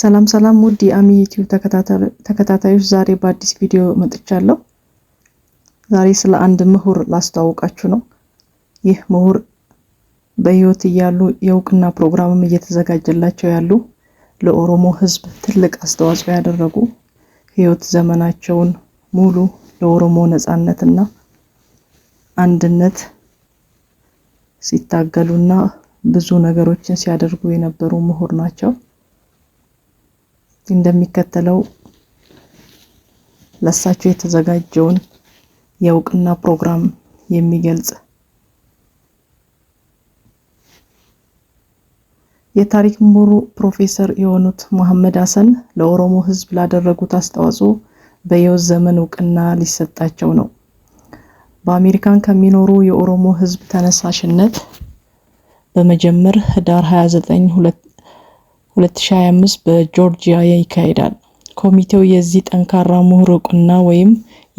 ሰላም ሰላም ውድ የአሚ ዩቲዩብ ተከታታዮች፣ ዛሬ በአዲስ ቪዲዮ መጥቻለሁ። ዛሬ ስለ አንድ ምሁር ላስተዋውቃችሁ ነው። ይህ ምሁር በህይወት እያሉ የእውቅና ፕሮግራምም እየተዘጋጀላቸው ያሉ ለኦሮሞ ህዝብ ትልቅ አስተዋጽኦ ያደረጉ ህይወት ዘመናቸውን ሙሉ ለኦሮሞ ነጻነትና አንድነት ሲታገሉና ብዙ ነገሮችን ሲያደርጉ የነበሩ ምሁር ናቸው። እንደሚከተለው ለሳቸው የተዘጋጀውን የእውቅና ፕሮግራም የሚገልጽ የታሪክ ምሁሩ ፕሮፌሰር የሆኑት መሐመድ ሀሰን ለኦሮሞ ሕዝብ ላደረጉት አስተዋጽኦ በሕይወት ዘመን እውቅና ሊሰጣቸው ነው። በአሜሪካን ከሚኖሩ የኦሮሞ ሕዝብ ተነሳሽነት በመጀመር ህዳር 29 2025 በጆርጂያ ይካሄዳል። ኮሚቴው የዚህ ጠንካራ ምሁር እውቅና ወይም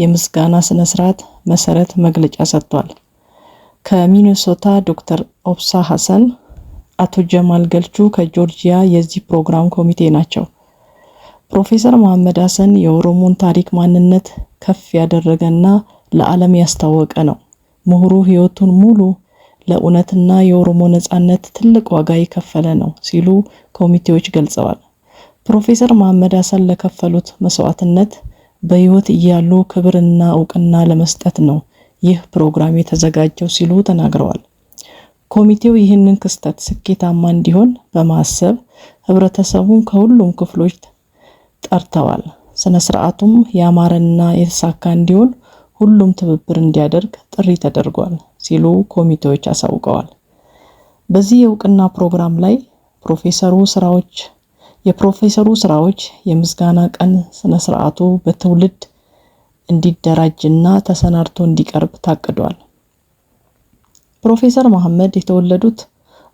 የምስጋና ስነ ስርዓት መሰረት መግለጫ ሰጥቷል። ከሚኔሶታ ዶክተር ኦብሳ ሐሰን፣ አቶ ጀማል ገልቹ ከጆርጂያ የዚህ ፕሮግራም ኮሚቴ ናቸው። ፕሮፌሰር መሐመድ ሐሰን የኦሮሞን ታሪክ ማንነት ከፍ ያደረገ ለዓለም ያስታወቀ ነው። ምሁሩ ሕይወቱን ሙሉ ለእውነትና የኦሮሞ ነጻነት ትልቅ ዋጋ የከፈለ ነው ሲሉ ኮሚቴዎች ገልጸዋል። ፕሮፌሰር መሐመድ ሀሰን ለከፈሉት መስዋዕትነት በህይወት እያሉ ክብርና እውቅና ለመስጠት ነው ይህ ፕሮግራም የተዘጋጀው ሲሉ ተናግረዋል። ኮሚቴው ይህንን ክስተት ስኬታማ እንዲሆን በማሰብ ህብረተሰቡን ከሁሉም ክፍሎች ጠርተዋል። ስነ ስርዓቱም ያማረና የተሳካ እንዲሆን ሁሉም ትብብር እንዲያደርግ ጥሪ ተደርጓል። ሲሉ ኮሚቴዎች አሳውቀዋል። በዚህ የእውቅና ፕሮግራም ላይ ፕሮፌሰሩ ስራዎች የፕሮፌሰሩ ስራዎች የምስጋና ቀን ስነ ስርዓቱ በትውልድ እንዲደራጅና ተሰናድቶ እንዲቀርብ ታቅዷል። ፕሮፌሰር መሐመድ የተወለዱት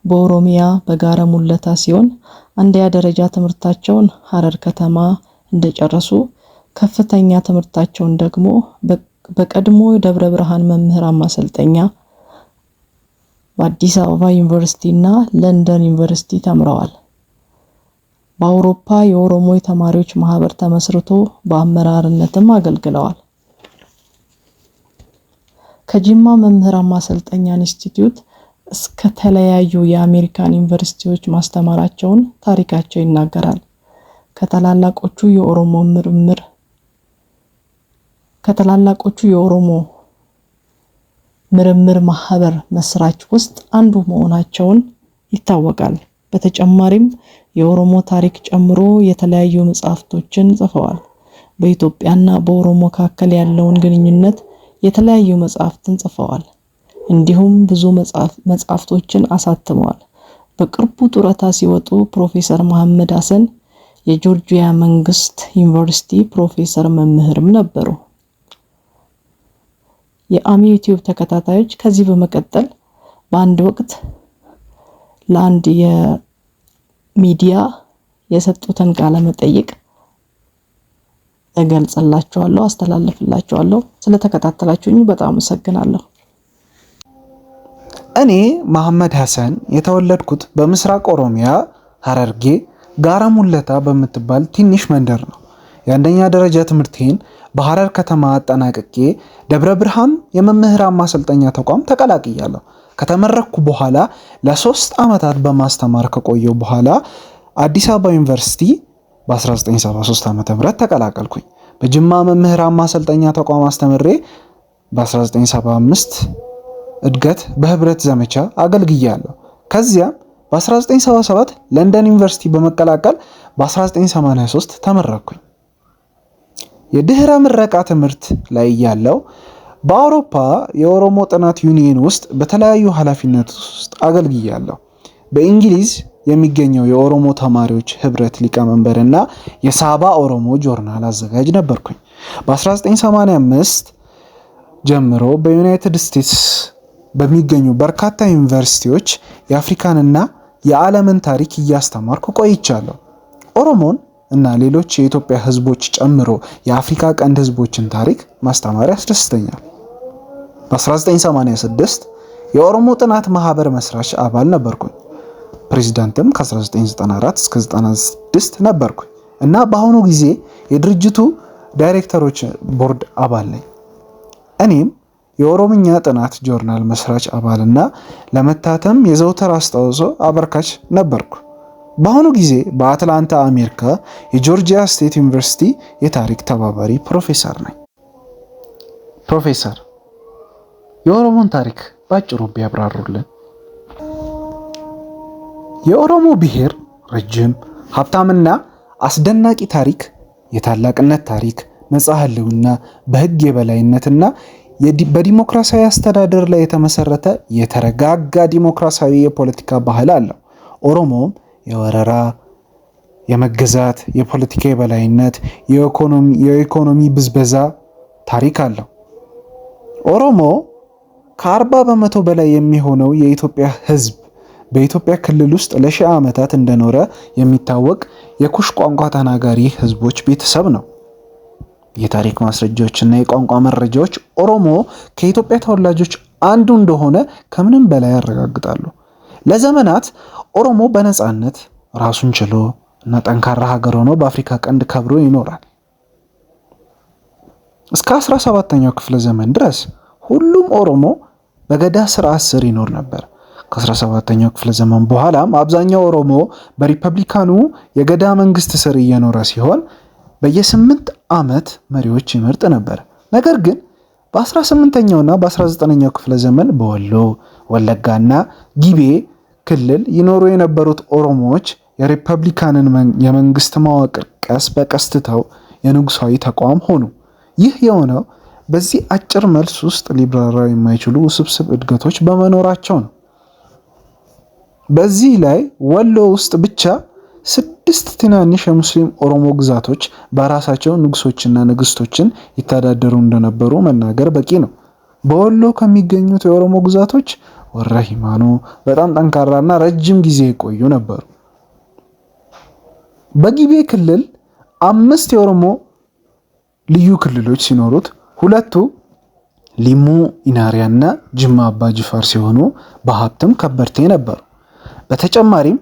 በኦሮሚያ በጋረ ሙለታ ሲሆን አንደኛ ደረጃ ትምህርታቸውን ሀረር ከተማ እንደጨረሱ ከፍተኛ ትምህርታቸውን ደግሞ በቀድሞ ደብረ ብርሃን መምህራን ማሰልጠኛ በአዲስ አበባ ዩኒቨርሲቲ እና ለንደን ዩኒቨርሲቲ ተምረዋል። በአውሮፓ የኦሮሞ የተማሪዎች ማህበር ተመስርቶ በአመራርነትም አገልግለዋል። ከጅማ መምህራን ማሰልጠኛ ኢንስቲትዩት እስከ ተለያዩ የአሜሪካን ዩኒቨርሲቲዎች ማስተማራቸውን ታሪካቸው ይናገራል። ከታላላቆቹ የኦሮሞ ምርምር ከታላላቆቹ የኦሮሞ ምርምር ማህበር መስራች ውስጥ አንዱ መሆናቸውን ይታወቃል። በተጨማሪም የኦሮሞ ታሪክ ጨምሮ የተለያዩ መጽሐፍቶችን ጽፈዋል። በኢትዮጵያና በኦሮሞ መካከል ያለውን ግንኙነት የተለያዩ መጽሐፍትን ጽፈዋል። እንዲሁም ብዙ መጽሐፍቶችን አሳትመዋል። በቅርቡ ጡረታ ሲወጡ ፕሮፌሰር መሐመድ ሀሰን የጆርጂያ መንግስት ዩኒቨርሲቲ ፕሮፌሰር መምህርም ነበሩ። የአሚ ዩቲዩብ ተከታታዮች ከዚህ በመቀጠል በአንድ ወቅት ለአንድ የሚዲያ የሰጡትን ቃለ መጠይቅ እገልጽላችኋለሁ፣ አስተላልፍላችኋለሁ። ስለተከታተላችሁኝ በጣም አመሰግናለሁ። እኔ መሐመድ ሐሰን የተወለድኩት በምስራቅ ኦሮሚያ ሐረርጌ ጋራ ሙለታ በምትባል ትንሽ መንደር ነው። የአንደኛ ደረጃ ትምህርቴን በሐረር ከተማ አጠናቅቄ ደብረ ብርሃን የመምህራን ማሰልጠኛ ተቋም ተቀላቅያለሁ። ከተመረኩ በኋላ ለሶስት ዓመታት በማስተማር ከቆየው በኋላ አዲስ አበባ ዩኒቨርሲቲ በ1973 ዓ ም ተቀላቀልኩኝ። በጅማ መምህራን ማሰልጠኛ ተቋም አስተምሬ በ1975 እድገት በህብረት ዘመቻ አገልግያለሁ። ከዚያም በ1977 ለንደን ዩኒቨርሲቲ በመቀላቀል በ1983 ተመረኩኝ። የድህረ ምረቃ ትምህርት ላይ ያለው በአውሮፓ የኦሮሞ ጥናት ዩኒየን ውስጥ በተለያዩ ኃላፊነት ውስጥ አገልግያለሁ። በእንግሊዝ የሚገኘው የኦሮሞ ተማሪዎች ህብረት ሊቀመንበር እና የሳባ ኦሮሞ ጆርናል አዘጋጅ ነበርኩኝ። በ1985 ጀምሮ በዩናይትድ ስቴትስ በሚገኙ በርካታ ዩኒቨርሲቲዎች የአፍሪካንና የዓለምን ታሪክ እያስተማርኩ ቆይቻለሁ። ኦሮሞን እና ሌሎች የኢትዮጵያ ህዝቦች ጨምሮ የአፍሪካ ቀንድ ህዝቦችን ታሪክ ማስተማር ያስደስተኛል። በ1986 የኦሮሞ ጥናት ማህበር መስራች አባል ነበርኩኝ። ፕሬዚዳንትም ከ1994 እስከ 96 ነበርኩኝ እና በአሁኑ ጊዜ የድርጅቱ ዳይሬክተሮች ቦርድ አባል ነኝ። እኔም የኦሮምኛ ጥናት ጆርናል መስራች አባልና ለመታተም የዘውተር አስተዋጽኦ አበርካች ነበርኩ። በአሁኑ ጊዜ በአትላንታ አሜሪካ የጆርጂያ ስቴት ዩኒቨርሲቲ የታሪክ ተባባሪ ፕሮፌሰር ነኝ። ፕሮፌሰር የኦሮሞን ታሪክ በአጭሩ ቢያብራሩልን። የኦሮሞ ብሔር ረጅም ሀብታምና አስደናቂ ታሪክ፣ የታላቅነት ታሪክ፣ ነጻ ህልውና፣ በህግ የበላይነትና በዲሞክራሲያዊ አስተዳደር ላይ የተመሰረተ የተረጋጋ ዲሞክራሲያዊ የፖለቲካ ባህል አለው። ኦሮሞም የወረራ የመገዛት የፖለቲካ የበላይነት የኢኮኖሚ ብዝበዛ ታሪክ አለው። ኦሮሞ ከአርባ በመቶ በላይ የሚሆነው የኢትዮጵያ ሕዝብ በኢትዮጵያ ክልል ውስጥ ለሺህ ዓመታት እንደኖረ የሚታወቅ የኩሽ ቋንቋ ተናጋሪ ሕዝቦች ቤተሰብ ነው። የታሪክ ማስረጃዎች እና የቋንቋ መረጃዎች ኦሮሞ ከኢትዮጵያ ተወላጆች አንዱ እንደሆነ ከምንም በላይ ያረጋግጣሉ። ለዘመናት ኦሮሞ በነፃነት ራሱን ችሎ እና ጠንካራ ሀገር ሆኖ በአፍሪካ ቀንድ ከብሮ ይኖራል። እስከ 17ኛው ክፍለ ዘመን ድረስ ሁሉም ኦሮሞ በገዳ ስርዓት ስር ይኖር ነበር። ከ17ኛው ክፍለ ዘመን በኋላም አብዛኛው ኦሮሞ በሪፐብሊካኑ የገዳ መንግስት ስር እየኖረ ሲሆን በየስምንት ዓመት መሪዎች ይመርጥ ነበር። ነገር ግን በ18ኛውና በ19ኛው ክፍለ ዘመን በወሎ ወለጋና ጊቤ ክልል ይኖሩ የነበሩት ኦሮሞዎች የሪፐብሊካንን የመንግስት መዋቅር ቀስ በቀስ ትተው የንጉሳዊ ተቋም ሆኑ። ይህ የሆነው በዚህ አጭር መልስ ውስጥ ሊብራራ የማይችሉ ውስብስብ እድገቶች በመኖራቸው ነው። በዚህ ላይ ወሎ ውስጥ ብቻ ስድስት ትናንሽ የሙስሊም ኦሮሞ ግዛቶች በራሳቸው ንጉሶችና ንግስቶችን ይተዳደሩ እንደነበሩ መናገር በቂ ነው። በወሎ ከሚገኙት የኦሮሞ ግዛቶች ወረሂማኑ በጣም ጠንካራና ረጅም ጊዜ የቆዩ ነበሩ። በጊቤ ክልል አምስት የኦሮሞ ልዩ ክልሎች ሲኖሩት ሁለቱ ሊሙ ኢናሪያና ጅማ አባ ጅፋር ሲሆኑ በሀብትም ከበርቴ ነበሩ። በተጨማሪም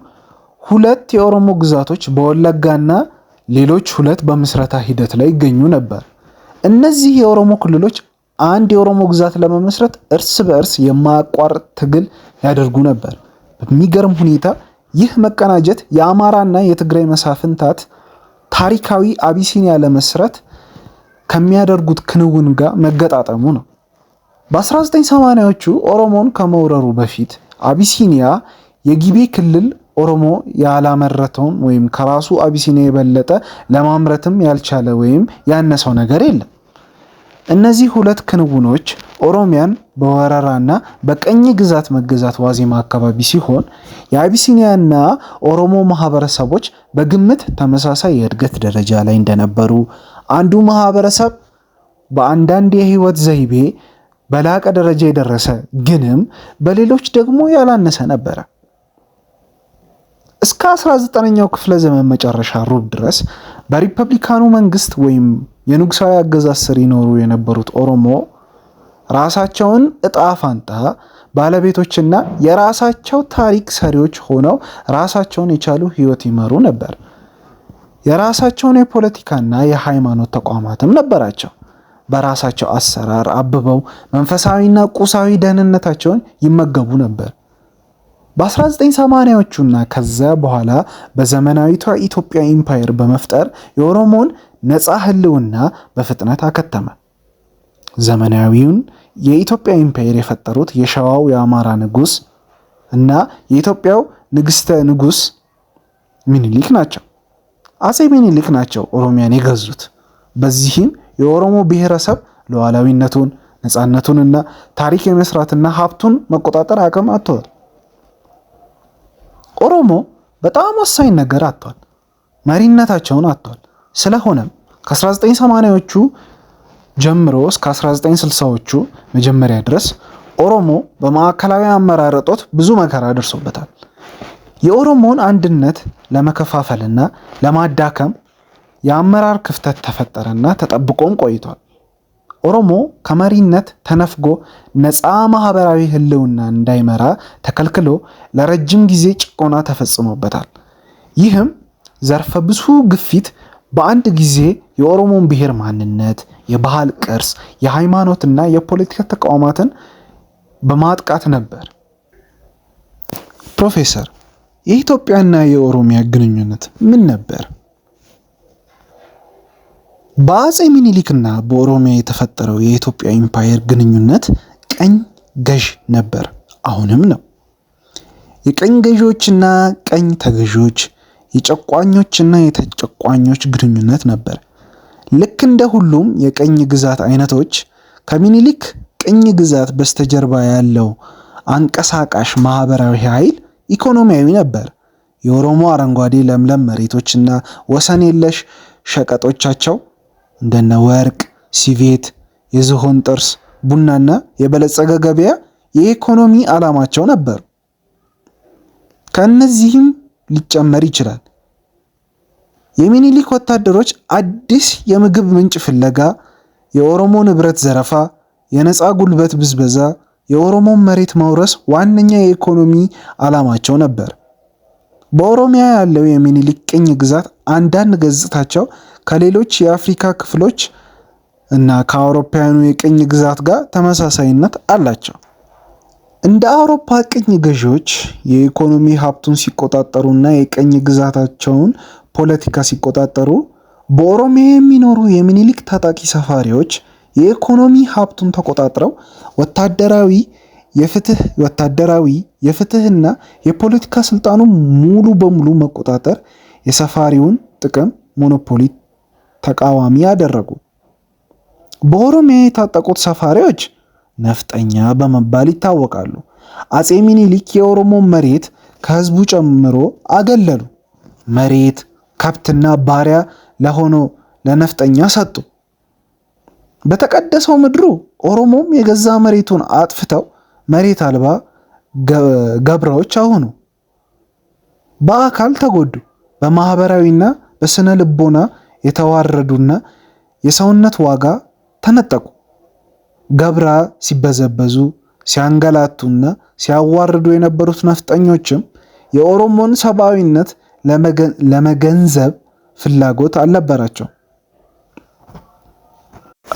ሁለት የኦሮሞ ግዛቶች በወለጋና ሌሎች ሁለት በምስረታ ሂደት ላይ ይገኙ ነበር። እነዚህ የኦሮሞ ክልሎች አንድ የኦሮሞ ግዛት ለመመስረት እርስ በእርስ የማያቋርጥ ትግል ያደርጉ ነበር። በሚገርም ሁኔታ ይህ መቀናጀት የአማራና የትግራይ መሳፍንታት ታሪካዊ አቢሲኒያ ለመስረት ከሚያደርጉት ክንውን ጋር መገጣጠሙ ነው። በ1980ዎቹ ኦሮሞን ከመውረሩ በፊት አቢሲኒያ የጊቤ ክልል ኦሮሞ ያላመረተውን ወይም ከራሱ አቢሲኒያ የበለጠ ለማምረትም ያልቻለ ወይም ያነሰው ነገር የለም። እነዚህ ሁለት ክንውኖች ኦሮሚያን በወረራና በቀኝ ግዛት መገዛት ዋዜማ አካባቢ ሲሆን የአቢሲኒያና ኦሮሞ ማህበረሰቦች በግምት ተመሳሳይ የእድገት ደረጃ ላይ እንደነበሩ፣ አንዱ ማህበረሰብ በአንዳንድ የህይወት ዘይቤ በላቀ ደረጃ የደረሰ ግንም በሌሎች ደግሞ ያላነሰ ነበረ። እስከ 19ኛው ክፍለ ዘመን መጨረሻ ሩብ ድረስ በሪፐብሊካኑ መንግስት ወይም የንጉሳዊ አገዛዝ ስር ይኖሩ የነበሩት ኦሮሞ ራሳቸውን እጣ ፋንታ ባለቤቶችና የራሳቸው ታሪክ ሰሪዎች ሆነው ራሳቸውን የቻሉ ህይወት ይመሩ ነበር። የራሳቸውን የፖለቲካና የሃይማኖት ተቋማትም ነበራቸው። በራሳቸው አሰራር አብበው መንፈሳዊና ቁሳዊ ደህንነታቸውን ይመገቡ ነበር። በ1980ዎቹና ከዛ በኋላ በዘመናዊቷ ኢትዮጵያ ኢምፓየር በመፍጠር የኦሮሞን ነፃ ህልውና በፍጥነት አከተመ። ዘመናዊውን የኢትዮጵያ ኢምፓየር የፈጠሩት የሸዋው የአማራ ንጉስ እና የኢትዮጵያው ንግስተ ንጉስ ሚኒሊክ ናቸው። አጼ ሚኒሊክ ናቸው ኦሮሚያን የገዙት። በዚህም የኦሮሞ ብሔረሰብ ሉዓላዊነቱን፣ ነፃነቱንና ታሪክ የመስራትና ሀብቱን መቆጣጠር አቅም አጥቷል። ኦሮሞ በጣም ወሳኝ ነገር አጥቷል። መሪነታቸውን አጥቷል። ስለሆነም ከ1980ዎቹ ጀምሮ እስከ 1960ዎቹ መጀመሪያ ድረስ ኦሮሞ በማዕከላዊ አመራር እጦት ብዙ መከራ ደርሶበታል። የኦሮሞን አንድነት ለመከፋፈልና ለማዳከም የአመራር ክፍተት ተፈጠረና ተጠብቆም ቆይቷል። ኦሮሞ ከመሪነት ተነፍጎ ነፃ ማህበራዊ ህልውና እንዳይመራ ተከልክሎ ለረጅም ጊዜ ጭቆና ተፈጽሞበታል። ይህም ዘርፈ ብዙ ግፊት በአንድ ጊዜ የኦሮሞን ብሔር ማንነት፣ የባህል ቅርስ፣ የሃይማኖትና የፖለቲካ ተቋማትን በማጥቃት ነበር። ፕሮፌሰር፣ የኢትዮጵያና የኦሮሚያ ግንኙነት ምን ነበር? በአጼ ሚኒሊክና በኦሮሚያ የተፈጠረው የኢትዮጵያ ኢምፓየር ግንኙነት ቀኝ ገዥ ነበር፣ አሁንም ነው። የቀኝ ገዢዎችና ቀኝ ተገዢዎች፣ የጨቋኞችና የተጨቋኞች ግንኙነት ነበር። ልክ እንደ ሁሉም የቀኝ ግዛት አይነቶች ከሚኒሊክ ቅኝ ግዛት በስተጀርባ ያለው አንቀሳቃሽ ማህበራዊ ኃይል ኢኮኖሚያዊ ነበር። የኦሮሞ አረንጓዴ ለምለም መሬቶችና ወሰን የለሽ ሸቀጦቻቸው እንደነ ወርቅ፣ ሲቬት፣ የዝሆን ጥርስ፣ ቡናና የበለጸገ ገበያ የኢኮኖሚ ዓላማቸው ነበር። ከእነዚህም ሊጨመር ይችላል። የሚኒሊክ ወታደሮች አዲስ የምግብ ምንጭ ፍለጋ፣ የኦሮሞ ንብረት ዘረፋ፣ የነፃ ጉልበት ብዝበዛ፣ የኦሮሞን መሬት መውረስ ዋነኛ የኢኮኖሚ ዓላማቸው ነበር። በኦሮሚያ ያለው የሚኒሊክ ቅኝ ግዛት አንዳንድ ገጽታቸው ከሌሎች የአፍሪካ ክፍሎች እና ከአውሮፓውያኑ የቅኝ ግዛት ጋር ተመሳሳይነት አላቸው። እንደ አውሮፓ ቅኝ ገዢዎች የኢኮኖሚ ሀብቱን ሲቆጣጠሩ ና የቅኝ ግዛታቸውን ፖለቲካ ሲቆጣጠሩ፣ በኦሮሚያ የሚኖሩ የሚኒሊክ ታጣቂ ሰፋሪዎች የኢኮኖሚ ሀብቱን ተቆጣጥረው ወታደራዊ የፍትህ ወታደራዊ የፍትህና የፖለቲካ ስልጣኑ ሙሉ በሙሉ መቆጣጠር የሰፋሪውን ጥቅም ሞኖፖሊ ተቃዋሚ አደረጉ። በኦሮሚያ የታጠቁት ሰፋሪዎች ነፍጠኛ በመባል ይታወቃሉ። አጼ ሚኒሊክ የኦሮሞ መሬት ከህዝቡ ጨምሮ አገለሉ። መሬት፣ ከብትና ባሪያ ለሆኖ ለነፍጠኛ ሰጡ። በተቀደሰው ምድሩ ኦሮሞም የገዛ መሬቱን አጥፍተው መሬት አልባ ገብረዎች አሁኑ በአካል ተጎዱ። በማህበራዊና በስነ ልቦና የተዋረዱና የሰውነት ዋጋ ተነጠቁ። ገብራ ሲበዘበዙ ሲያንገላቱና ሲያዋርዱ የነበሩት ነፍጠኞችም የኦሮሞን ሰብአዊነት ለመገንዘብ ፍላጎት አልነበራቸው።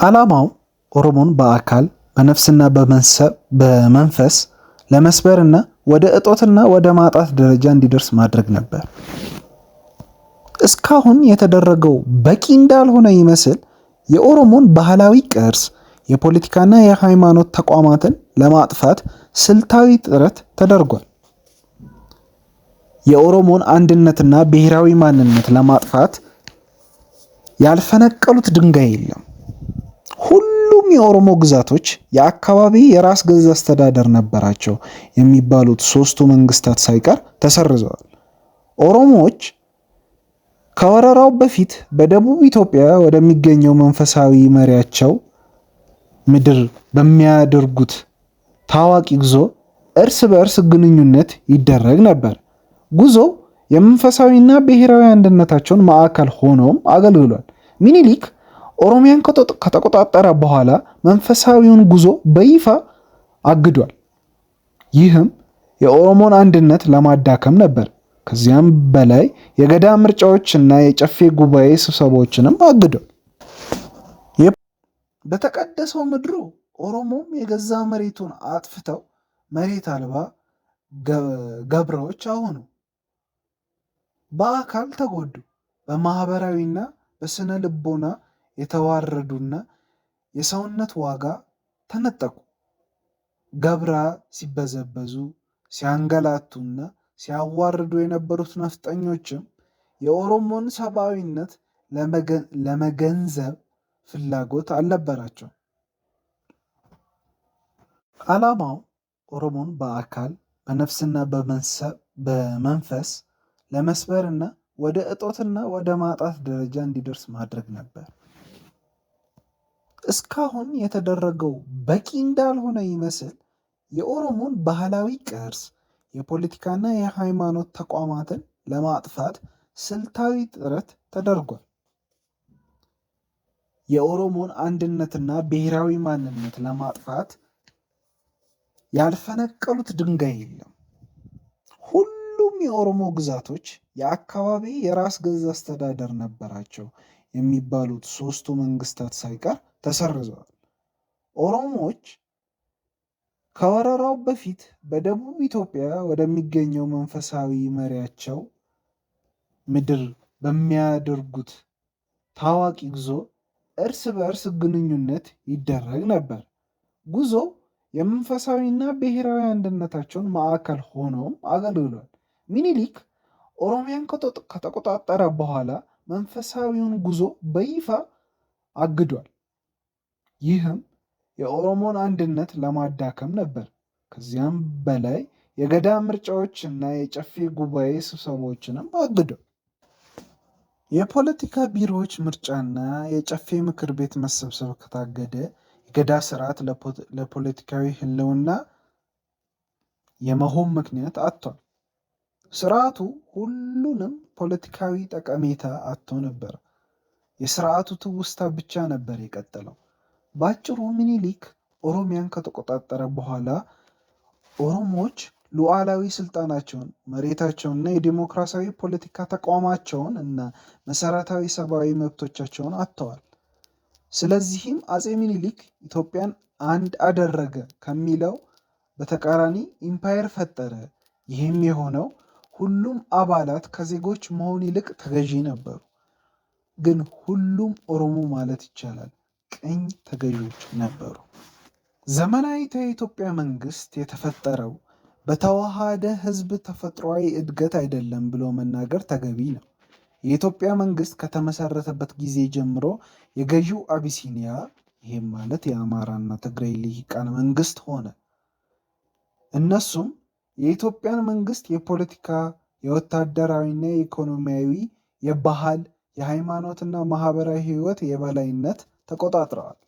ዓላማው ኦሮሞን በአካል በነፍስና በመንፈስ ለመስበርና ወደ እጦትና ወደ ማጣት ደረጃ እንዲደርስ ማድረግ ነበር። እስካሁን የተደረገው በቂ እንዳልሆነ ይመስል የኦሮሞን ባህላዊ ቅርስ የፖለቲካና የሃይማኖት ተቋማትን ለማጥፋት ስልታዊ ጥረት ተደርጓል። የኦሮሞን አንድነትና ብሔራዊ ማንነት ለማጥፋት ያልፈነቀሉት ድንጋይ የለም። ሁሉም የኦሮሞ ግዛቶች የአካባቢ የራስ ገዝ አስተዳደር ነበራቸው የሚባሉት ሶስቱ መንግስታት ሳይቀር ተሰርዘዋል። ኦሮሞዎች ከወረራው በፊት በደቡብ ኢትዮጵያ ወደሚገኘው መንፈሳዊ መሪያቸው ምድር በሚያደርጉት ታዋቂ ጉዞ እርስ በእርስ ግንኙነት ይደረግ ነበር። ጉዞው የመንፈሳዊና ብሔራዊ አንድነታቸውን ማዕከል ሆኖም አገልግሏል። ሚኒሊክ ኦሮሚያን ከተቆጣጠረ በኋላ መንፈሳዊውን ጉዞ በይፋ አግዷል። ይህም የኦሮሞን አንድነት ለማዳከም ነበር። ከዚያም በላይ የገዳ ምርጫዎችና የጨፌ ጉባኤ ስብሰባዎችንም አግደል። በተቀደሰው ምድሩ ኦሮሞም የገዛ መሬቱን አጥፍተው መሬት አልባ ገብረዎች አሁኑ በአካል ተጎዱ። በማህበራዊና በስነ ልቦና የተዋረዱና የሰውነት ዋጋ ተነጠቁ። ገብራ ሲበዘበዙ ሲያንገላቱና ሲያዋርዱ የነበሩት ነፍጠኞችም የኦሮሞን ሰብአዊነት ለመገንዘብ ፍላጎት አልነበራቸው። ዓላማው ኦሮሞን በአካል በነፍስና በመንፈስ ለመስበርና ወደ እጦትና ወደ ማጣት ደረጃ እንዲደርስ ማድረግ ነበር። እስካሁን የተደረገው በቂ እንዳልሆነ ይመስል የኦሮሞን ባህላዊ ቅርስ የፖለቲካና የሃይማኖት ተቋማትን ለማጥፋት ስልታዊ ጥረት ተደርጓል። የኦሮሞን አንድነትና ብሔራዊ ማንነት ለማጥፋት ያልፈነቀሉት ድንጋይ የለም። ሁሉም የኦሮሞ ግዛቶች የአካባቢ የራስ ገዝ አስተዳደር ነበራቸው የሚባሉት ሶስቱ መንግስታት ሳይቀር ተሰርዘዋል። ኦሮሞዎች ከወረራው በፊት በደቡብ ኢትዮጵያ ወደሚገኘው መንፈሳዊ መሪያቸው ምድር በሚያደርጉት ታዋቂ ጉዞ እርስ በእርስ ግንኙነት ይደረግ ነበር። ጉዞ የመንፈሳዊና ብሔራዊ አንድነታቸውን ማዕከል ሆኖም አገልግሏል። ሚኒሊክ ኦሮሚያን ከተቆጣጠረ በኋላ መንፈሳዊውን ጉዞ በይፋ አግዷል። ይህም የኦሮሞን አንድነት ለማዳከም ነበር። ከዚያም በላይ የገዳ ምርጫዎች እና የጨፌ ጉባኤ ስብሰባዎችንም አግዶ የፖለቲካ ቢሮዎች ምርጫና የጨፌ ምክር ቤት መሰብሰብ ከታገደ የገዳ ስርዓት ለፖለቲካዊ ህልውና የመሆን ምክንያት አጥቷል። ስርዓቱ ሁሉንም ፖለቲካዊ ጠቀሜታ አጥቶ ነበር። የስርዓቱ ትውስታ ብቻ ነበር የቀጠለው። በአጭሩ ምኒልክ ኦሮሚያን ከተቆጣጠረ በኋላ ኦሮሞዎች ሉዓላዊ ስልጣናቸውን እና የዲሞክራሲያዊ ፖለቲካ ተቋማቸውን እና መሰረታዊ ሰብአዊ መብቶቻቸውን አጥተዋል። ስለዚህም አፄ ምኒልክ ኢትዮጵያን አንድ አደረገ ከሚለው በተቃራኒ ኢምፓየር ፈጠረ። ይህም የሆነው ሁሉም አባላት ከዜጎች መሆን ይልቅ ተገዢ ነበሩ። ግን ሁሉም ኦሮሞ ማለት ይቻላል ቀኝ ተገዢዎች ነበሩ። ዘመናዊ የኢትዮጵያ መንግስት የተፈጠረው በተዋሃደ ህዝብ ተፈጥሯዊ እድገት አይደለም ብሎ መናገር ተገቢ ነው። የኢትዮጵያ መንግስት ከተመሰረተበት ጊዜ ጀምሮ የገዢው አቢሲኒያ ይህም ማለት የአማራና ትግራይ ልሂቃን መንግስት ሆነ። እነሱም የኢትዮጵያን መንግስት የፖለቲካ፣ የወታደራዊና የኢኮኖሚያዊ፣ የባህል፣ የሃይማኖትና ማህበራዊ ህይወት የበላይነት ተቆጣጥረዋል።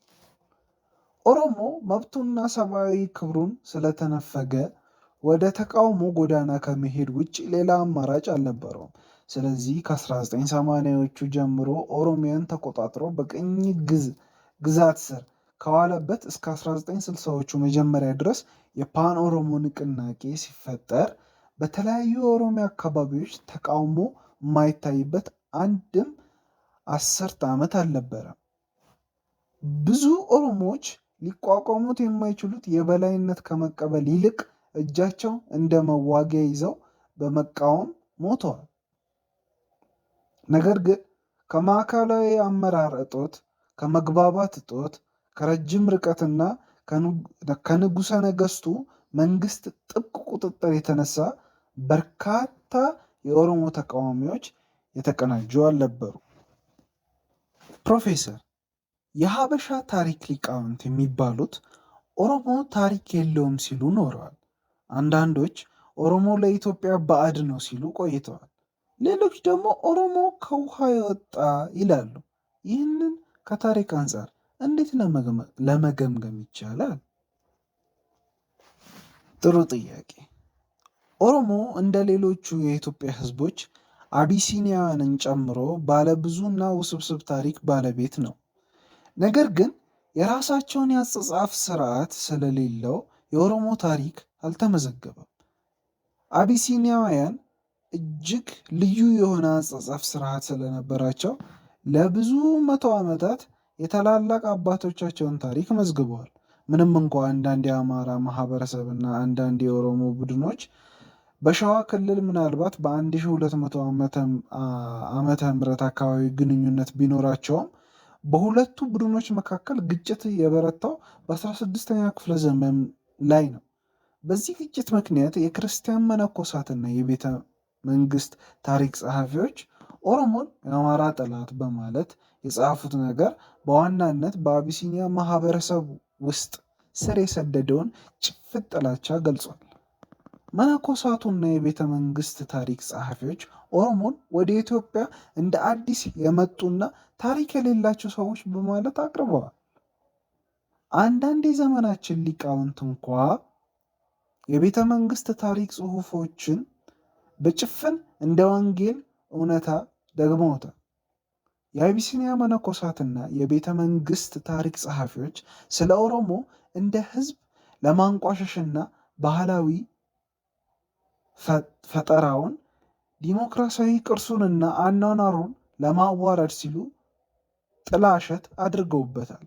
ኦሮሞ መብቱና ሰብአዊ ክብሩን ስለተነፈገ ወደ ተቃውሞ ጎዳና ከመሄድ ውጭ ሌላ አማራጭ አልነበረውም። ስለዚህ ከ1980ዎቹ ጀምሮ ኦሮሚያን ተቆጣጥሮ በቅኝ ግዛት ስር ከዋለበት እስከ 1960ዎቹ መጀመሪያ ድረስ የፓን ኦሮሞ ንቅናቄ ሲፈጠር በተለያዩ የኦሮሚያ አካባቢዎች ተቃውሞ የማይታይበት አንድም አስርት ዓመት አልነበረም። ብዙ ኦሮሞዎች ሊቋቋሙት የማይችሉት የበላይነት ከመቀበል ይልቅ እጃቸው እንደ መዋጊያ ይዘው በመቃወም ሞተዋል። ነገር ግን ከማዕከላዊ አመራር እጦት፣ ከመግባባት እጦት፣ ከረጅም ርቀትና ከንጉሠ ነገሥቱ መንግስት ጥብቅ ቁጥጥር የተነሳ በርካታ የኦሮሞ ተቃዋሚዎች የተቀናጁ አልነበሩ። ፕሮፌሰር የሀበሻ ታሪክ ሊቃውንት የሚባሉት ኦሮሞ ታሪክ የለውም ሲሉ ኖረዋል። አንዳንዶች ኦሮሞ ለኢትዮጵያ ባዕድ ነው ሲሉ ቆይተዋል። ሌሎች ደግሞ ኦሮሞ ከውሃ የወጣ ይላሉ። ይህንን ከታሪክ አንጻር እንዴት ለመገምገም ይቻላል? ጥሩ ጥያቄ። ኦሮሞ እንደ ሌሎቹ የኢትዮጵያ ሕዝቦች አቢሲኒያውያንን ጨምሮ ባለ ውስብስብ ታሪክ ባለቤት ነው። ነገር ግን የራሳቸውን የአጻጻፍ ስርዓት ስለሌለው የኦሮሞ ታሪክ አልተመዘገበም። አቢሲኒያውያን እጅግ ልዩ የሆነ አጻጻፍ ስርዓት ስለነበራቸው ለብዙ መቶ ዓመታት የታላላቅ አባቶቻቸውን ታሪክ መዝግበዋል። ምንም እንኳ አንዳንድ የአማራ ማህበረሰብና አንዳንድ የኦሮሞ ቡድኖች በሸዋ ክልል ምናልባት በ1200 ዓመተ ምህረት አካባቢ ግንኙነት ቢኖራቸውም በሁለቱ ቡድኖች መካከል ግጭት የበረታው በ16ኛ ክፍለ ዘመን ላይ ነው። በዚህ ግጭት ምክንያት የክርስቲያን መነኮሳትና የቤተ መንግስት ታሪክ ጸሐፊዎች ኦሮሞን የአማራ ጠላት በማለት የጻፉት ነገር በዋናነት በአቢሲኒያ ማህበረሰብ ውስጥ ስር የሰደደውን ጭፍት ጥላቻ ገልጿል። መነኮሳቱና የቤተ መንግስት ታሪክ ጸሐፊዎች ኦሮሞን ወደ ኢትዮጵያ እንደ አዲስ የመጡና ታሪክ የሌላቸው ሰዎች በማለት አቅርበዋል። አንዳንድ የዘመናችን ሊቃውንት እንኳ የቤተ መንግስት ታሪክ ጽሑፎችን በጭፍን እንደ ወንጌል እውነታ ደግመውታል። የአቢሲኒያ መነኮሳትና የቤተ መንግስት ታሪክ ጸሐፊዎች ስለ ኦሮሞ እንደ ህዝብ ለማንቋሸሽና ባህላዊ ፈጠራውን ዲሞክራሲያዊ ቅርሱንና አኗኗሩን ለማዋረድ ሲሉ ጥላሸት አድርገውበታል።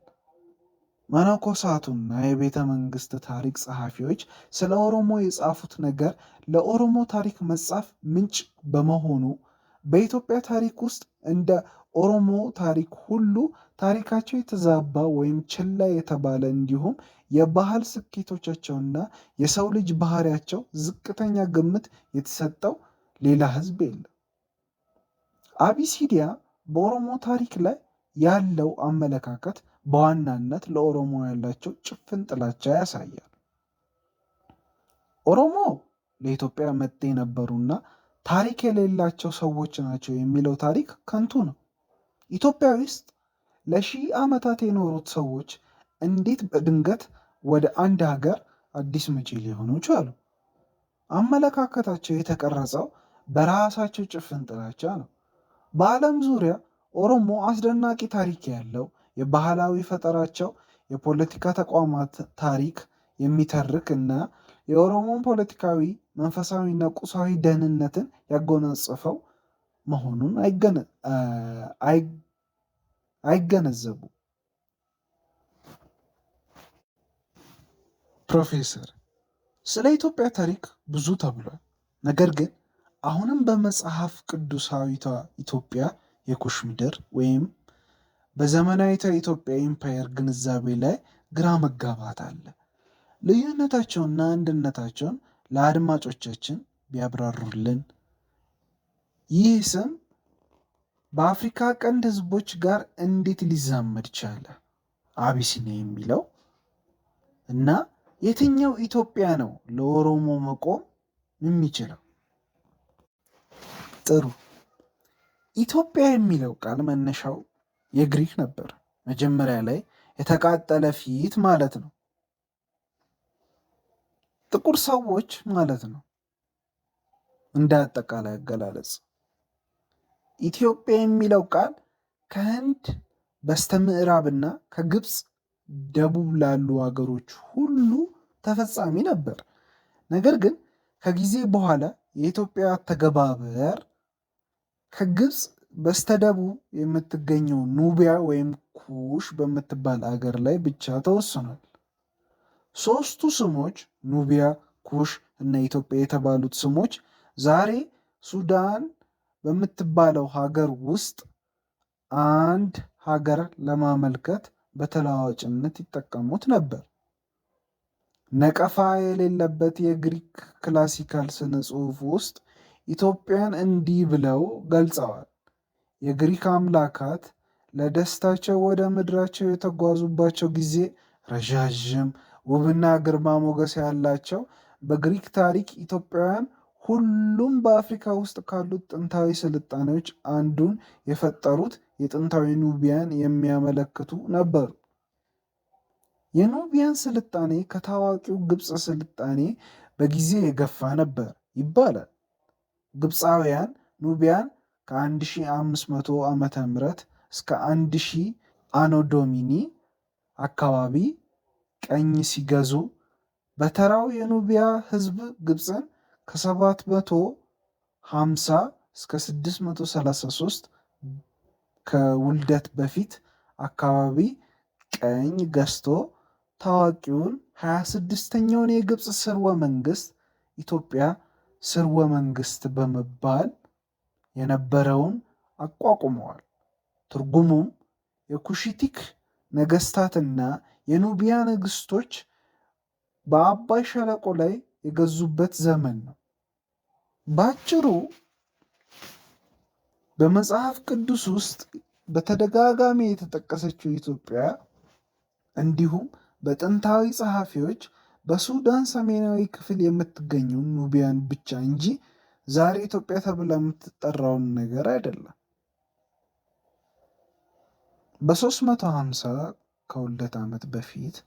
መነኮሳቱና የቤተ መንግስት ታሪክ ጸሐፊዎች ስለ ኦሮሞ የጻፉት ነገር ለኦሮሞ ታሪክ መጻፍ ምንጭ በመሆኑ በኢትዮጵያ ታሪክ ውስጥ እንደ ኦሮሞ ታሪክ ሁሉ ታሪካቸው የተዛባ ወይም ችላ የተባለ እንዲሁም የባህል ስኬቶቻቸውና የሰው ልጅ ባህሪያቸው ዝቅተኛ ግምት የተሰጠው ሌላ ህዝብ የለም። አቢሲዲያ በኦሮሞ ታሪክ ላይ ያለው አመለካከት በዋናነት ለኦሮሞ ያላቸው ጭፍን ጥላቻ ያሳያል። ኦሮሞ ለኢትዮጵያ መጤ የነበሩና ታሪክ የሌላቸው ሰዎች ናቸው የሚለው ታሪክ ከንቱ ነው። ኢትዮጵያ ውስጥ ለሺህ ዓመታት የኖሩት ሰዎች እንዴት በድንገት ወደ አንድ ሀገር አዲስ መጪ ሊሆኑ ቻሉ? አመለካከታቸው የተቀረጸው በራሳቸው ጭፍን ጥላቻ ነው። በዓለም ዙሪያ ኦሮሞ አስደናቂ ታሪክ ያለው የባህላዊ ፈጠራቸው የፖለቲካ ተቋማት ታሪክ የሚተርክ እና የኦሮሞን ፖለቲካዊ መንፈሳዊና ቁሳዊ ደህንነትን ያጎናጸፈው መሆኑን አይገነዘቡ ፕሮፌሰር ስለ ኢትዮጵያ ታሪክ ብዙ ተብሏል። ነገር ግን አሁንም በመጽሐፍ ቅዱሳዊቷ ኢትዮጵያ የኩሽ ምድር ወይም በዘመናዊቷ ኢትዮጵያ ኢምፓየር ግንዛቤ ላይ ግራ መጋባት አለ። ልዩነታቸውንና አንድነታቸውን ለአድማጮቻችን ቢያብራሩልን ይህ ስም በአፍሪካ ቀንድ ህዝቦች ጋር እንዴት ሊዛመድ ቻለ? አቢሲኒያ የሚለው እና የትኛው ኢትዮጵያ ነው ለኦሮሞ መቆም የሚችለው? ጥሩ። ኢትዮጵያ የሚለው ቃል መነሻው የግሪክ ነበር። መጀመሪያ ላይ የተቃጠለ ፊት ማለት ነው። ጥቁር ሰዎች ማለት ነው እንደ አጠቃላይ አገላለጽ ኢትዮጵያ የሚለው ቃል ከህንድ በስተ እና ከግብፅ ደቡብ ላሉ አገሮች ሁሉ ተፈጻሚ ነበር። ነገር ግን ከጊዜ በኋላ የኢትዮጵያ አተገባበር ከግብፅ በስተደቡብ የምትገኘው ኑቢያ ወይም ኩሽ በምትባል አገር ላይ ብቻ ተወስኗል። ሶስቱ ስሞች ኑቢያ፣ ኩሽ እና ኢትዮጵያ የተባሉት ስሞች ዛሬ ሱዳን በምትባለው ሀገር ውስጥ አንድ ሀገር ለማመልከት በተለዋዋጭነት ይጠቀሙት ነበር። ነቀፋ የሌለበት የግሪክ ክላሲካል ስነ ጽሑፍ ውስጥ ኢትዮጵያን እንዲህ ብለው ገልጸዋል። የግሪክ አምላካት ለደስታቸው ወደ ምድራቸው የተጓዙባቸው ጊዜ ረዣዥም፣ ውብና ግርማ ሞገስ ያላቸው በግሪክ ታሪክ ኢትዮጵያውያን ሁሉም በአፍሪካ ውስጥ ካሉት ጥንታዊ ስልጣኔዎች አንዱን የፈጠሩት የጥንታዊ ኑቢያን የሚያመለክቱ ነበሩ። የኑቢያን ስልጣኔ ከታዋቂው ግብፅ ስልጣኔ በጊዜ የገፋ ነበር ይባላል። ግብፃውያን ኑቢያን ከ1500 ዓመተ ምህረት እስከ 1000 አኖዶሚኒ አካባቢ ቀኝ ሲገዙ በተራው የኑቢያ ህዝብ ግብፅን ከ ሀምሳ እስከ ሶስት ከውልደት በፊት አካባቢ ቀኝ ገዝቶ ታዋቂውን 26ኛውን የግብፅ ስርወ መንግስት ኢትዮጵያ ስርወ መንግስት በመባል የነበረውን አቋቁመዋል። ትርጉሙም የኩሽቲክ ነገስታትና የኑቢያ ንግስቶች በአባይ ሸለቆ ላይ የገዙበት ዘመን ነው። በአጭሩ በመጽሐፍ ቅዱስ ውስጥ በተደጋጋሚ የተጠቀሰችው ኢትዮጵያ እንዲሁም በጥንታዊ ጸሐፊዎች በሱዳን ሰሜናዊ ክፍል የምትገኘው ኑቢያን ብቻ እንጂ ዛሬ ኢትዮጵያ ተብላ የምትጠራውን ነገር አይደለም። በ350 ከሁለት ዓመት በፊት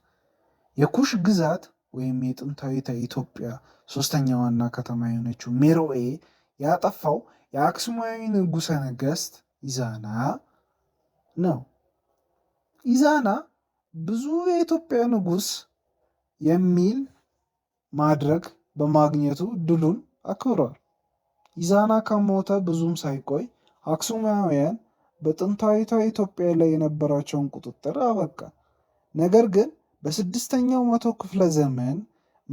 የኩሽ ግዛት ወይም የጥንታዊቷ ኢትዮጵያ ሶስተኛ ዋና ከተማ የሆነችው ሜሮኤ ያጠፋው የአክሱማዊ ንጉሠ ነገሥት ኢዛና ነው። ኢዛና ብዙ የኢትዮጵያ ንጉሥ የሚል ማድረግ በማግኘቱ ድሉን አክብሯል። ኢዛና ከሞተ ብዙም ሳይቆይ አክሱማውያን በጥንታዊቷ ኢትዮጵያ ላይ የነበራቸውን ቁጥጥር አበቃ። ነገር ግን በስድስተኛው መቶ ክፍለ ዘመን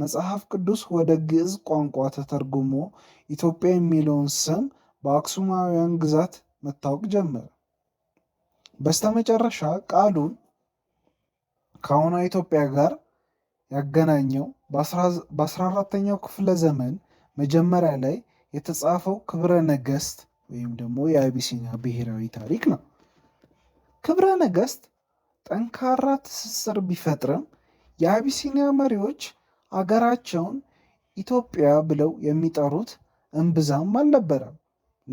መጽሐፍ ቅዱስ ወደ ግዕዝ ቋንቋ ተተርጉሞ ኢትዮጵያ የሚለውን ስም በአክሱማውያን ግዛት መታወቅ ጀመረ። በስተመጨረሻ ቃሉን ከአሁኗ ኢትዮጵያ ጋር ያገናኘው በ14ተኛው ክፍለ ዘመን መጀመሪያ ላይ የተጻፈው ክብረ ነገስት ወይም ደግሞ የአቢሲኒያ ብሔራዊ ታሪክ ነው። ክብረ ነገስት ጠንካራ ትስስር ቢፈጥርም የአቢሲኒያ መሪዎች አገራቸውን ኢትዮጵያ ብለው የሚጠሩት እምብዛም አልነበረም።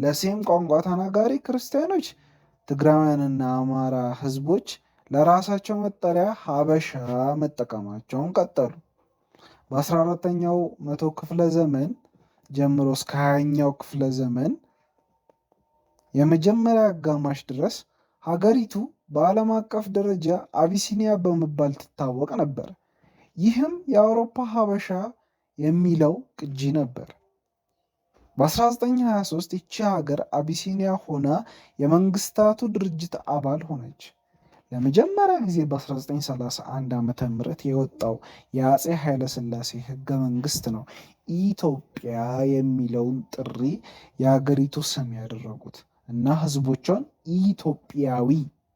ለሴም ቋንቋ ተናጋሪ ክርስቲያኖች ትግራውያንና አማራ ህዝቦች ለራሳቸው መጠሪያ ሀበሻ መጠቀማቸውን ቀጠሉ። በ14ኛው መቶ ክፍለ ዘመን ጀምሮ እስከ 20ኛው ክፍለ ዘመን የመጀመሪያ አጋማሽ ድረስ ሀገሪቱ በዓለም አቀፍ ደረጃ አቢሲኒያ በመባል ትታወቅ ነበር። ይህም የአውሮፓ ሀበሻ የሚለው ቅጂ ነበር። በ1923 ይቺ ሀገር አቢሲኒያ ሆና የመንግስታቱ ድርጅት አባል ሆነች። ለመጀመሪያ ጊዜ በ1931 ዓ ም የወጣው የአጼ ኃይለስላሴ ህገ መንግስት ነው ኢትዮጵያ የሚለውን ጥሪ የሀገሪቱ ስም ያደረጉት። እና ህዝቦቿን ኢትዮጵያዊ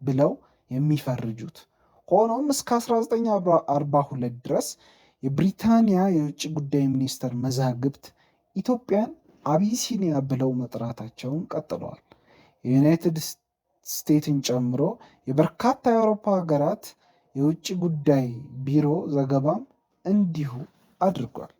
ብለው የሚፈርጁት። ሆኖም እስከ 1942 ድረስ የብሪታንያ የውጭ ጉዳይ ሚኒስቴር መዛግብት ኢትዮጵያን አቢሲኒያ ብለው መጥራታቸውን ቀጥለዋል። የዩናይትድ ስቴትን ጨምሮ የበርካታ የአውሮፓ ሀገራት የውጭ ጉዳይ ቢሮ ዘገባም እንዲሁ አድርጓል።